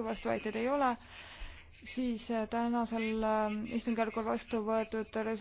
kui vastuväiteid ei ole, siis äh, tänasel äh, istungjärgul vastu võetud res-,